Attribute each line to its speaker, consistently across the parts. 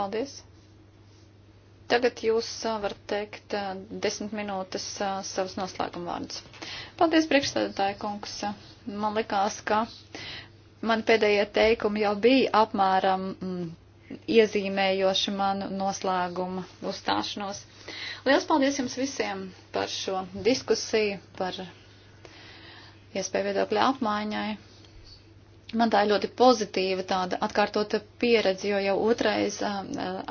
Speaker 1: Paldies! Tagad jūs varat teikt desmit minūtes savus noslēguma vārdus. Paldies, priekšstādātāja kungs. Man likās, ka man pēdējie teikumi jau bija apmēram mm, iezīmējoši manu noslēguma uzstāšanos. Lielas paldies jums visiem par šo diskusiju, par iespēju viedokļu apmaiņai. Man tā ir ļoti pozitīva tāda atkārtota pieredze, jo jau otrais uh,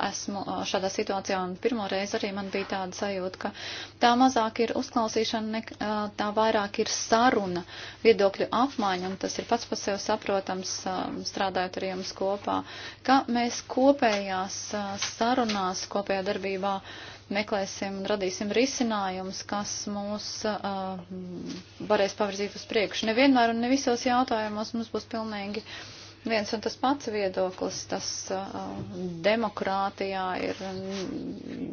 Speaker 1: esmu šādā situācijā un pirmoreiz arī man bija tāda sajūta, ka tā mazāk ir uzklausīšana, nek, uh, tā vairāk ir saruna, viedokļu apmaiņa, un tas ir pats par sevi saprotams, uh, strādājot ar jums kopā, ka mēs kopējās uh, sarunās, kopējā darbībā uh, meklēsim un radīsim risinājumus, kas mūs uh, varēs pavirzīt uz priekšu. Nevienmēr un ne visos jautājumos mums būs pilnīgi viens un tas pats viedoklis. Tas uh, demokrātijā ir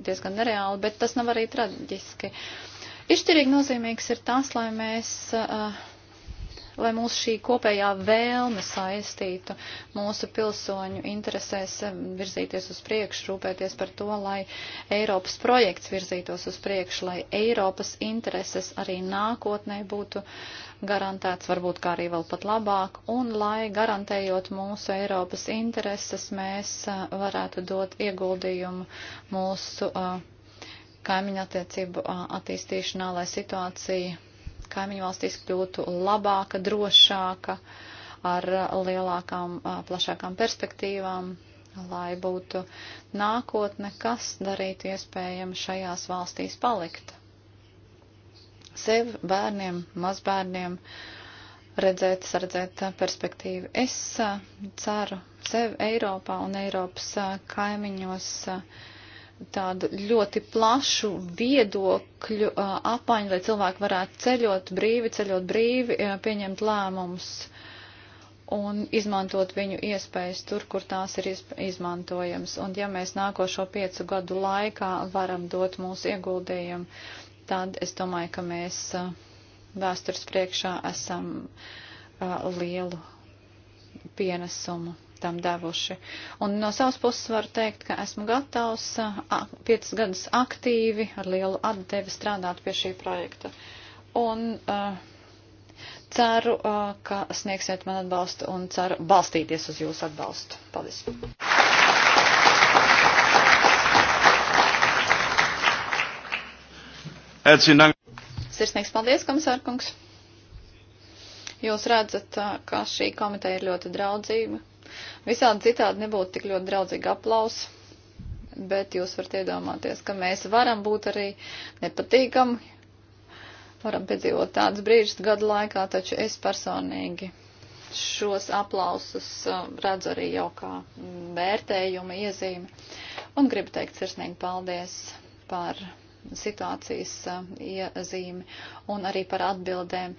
Speaker 1: diezgan nereāli, bet tas nav arī traģiski. Išķirīgi nozīmīgs ir tas, lai mēs. Uh, lai mūs šī kopējā vēlme saistītu mūsu pilsoņu interesēs eh, virzīties uz priekšu, rūpēties par to, lai Eiropas projekts virzītos uz priekšu, lai Eiropas intereses arī nākotnē būtu garantēts, varbūt kā arī vēl pat labāk, un lai garantējot mūsu Eiropas intereses, mēs eh, varētu dot ieguldījumu mūsu eh, kaimiņu attiecību attīstīšanā, lai situācija kaimiņu valstīs kļūtu labāka, drošāka, ar lielākām, plašākām perspektīvām, lai būtu nākotne, kas darītu iespējami šajās valstīs palikt. Sev, bērniem, mazbērniem redzēt, saredzēt perspektīvu. Es ceru sev Eiropā un Eiropas kaimiņos. Uh, tādu ļoti plašu viedokļu apaņu, lai cilvēki varētu ceļot brīvi, ceļot brīvi, pieņemt lēmumus un izmantot viņu iespējas tur, kur tās ir izmantojams. Un ja mēs nākošo piecu gadu laikā varam dot mūsu ieguldījumu, tad es domāju, ka mēs vēstures priekšā esam lielu pienesumu tam devuši. Un no savas puses varu teikt, ka esmu gatavs piecas gadus aktīvi ar lielu atdevi strādāt pie šī projekta. Un uh, ceru, uh, ka sniegsiet man atbalstu un ceru balstīties uz jūsu atbalstu. Paldies! Sirsnīgs paldies, komisārkungs! Jūs redzat, ka šī komiteja ir ļoti draudzīga. Visādi citādi nebūtu tik ļoti draudzīgi aplaus, bet jūs varat iedomāties, ka mēs varam būt arī nepatīkami, varam piedzīvot tādus brīžus gadu laikā, taču es personīgi šos aplausus um, redzu arī jau kā vērtējuma iezīme. Un gribu teikt sirsnīgi paldies par situācijas um, iezīmi un arī par atbildēm.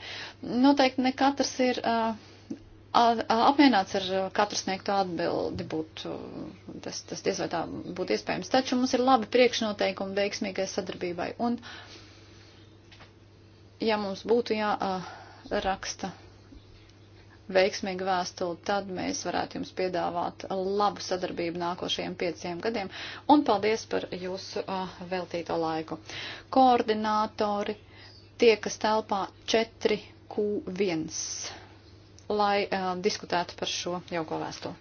Speaker 1: Noteikti ne katrs ir. Uh, apmienāts ar uh, katru sniegto atbildi būtu, uh, tas, tas diez vai tā būtu iespējams. Taču mums ir labi priekšnoteikumi veiksmīgai sadarbībai. Un, ja mums būtu jāraksta uh, veiksmīga vēstule, tad mēs varētu jums piedāvāt labu sadarbību nākošajiem pieciem gadiem. Un paldies par jūsu veltīto laiku. Koordinātori tie, kas telpā 4Q1 lai uh, diskutētu par šo jauko vēstuli.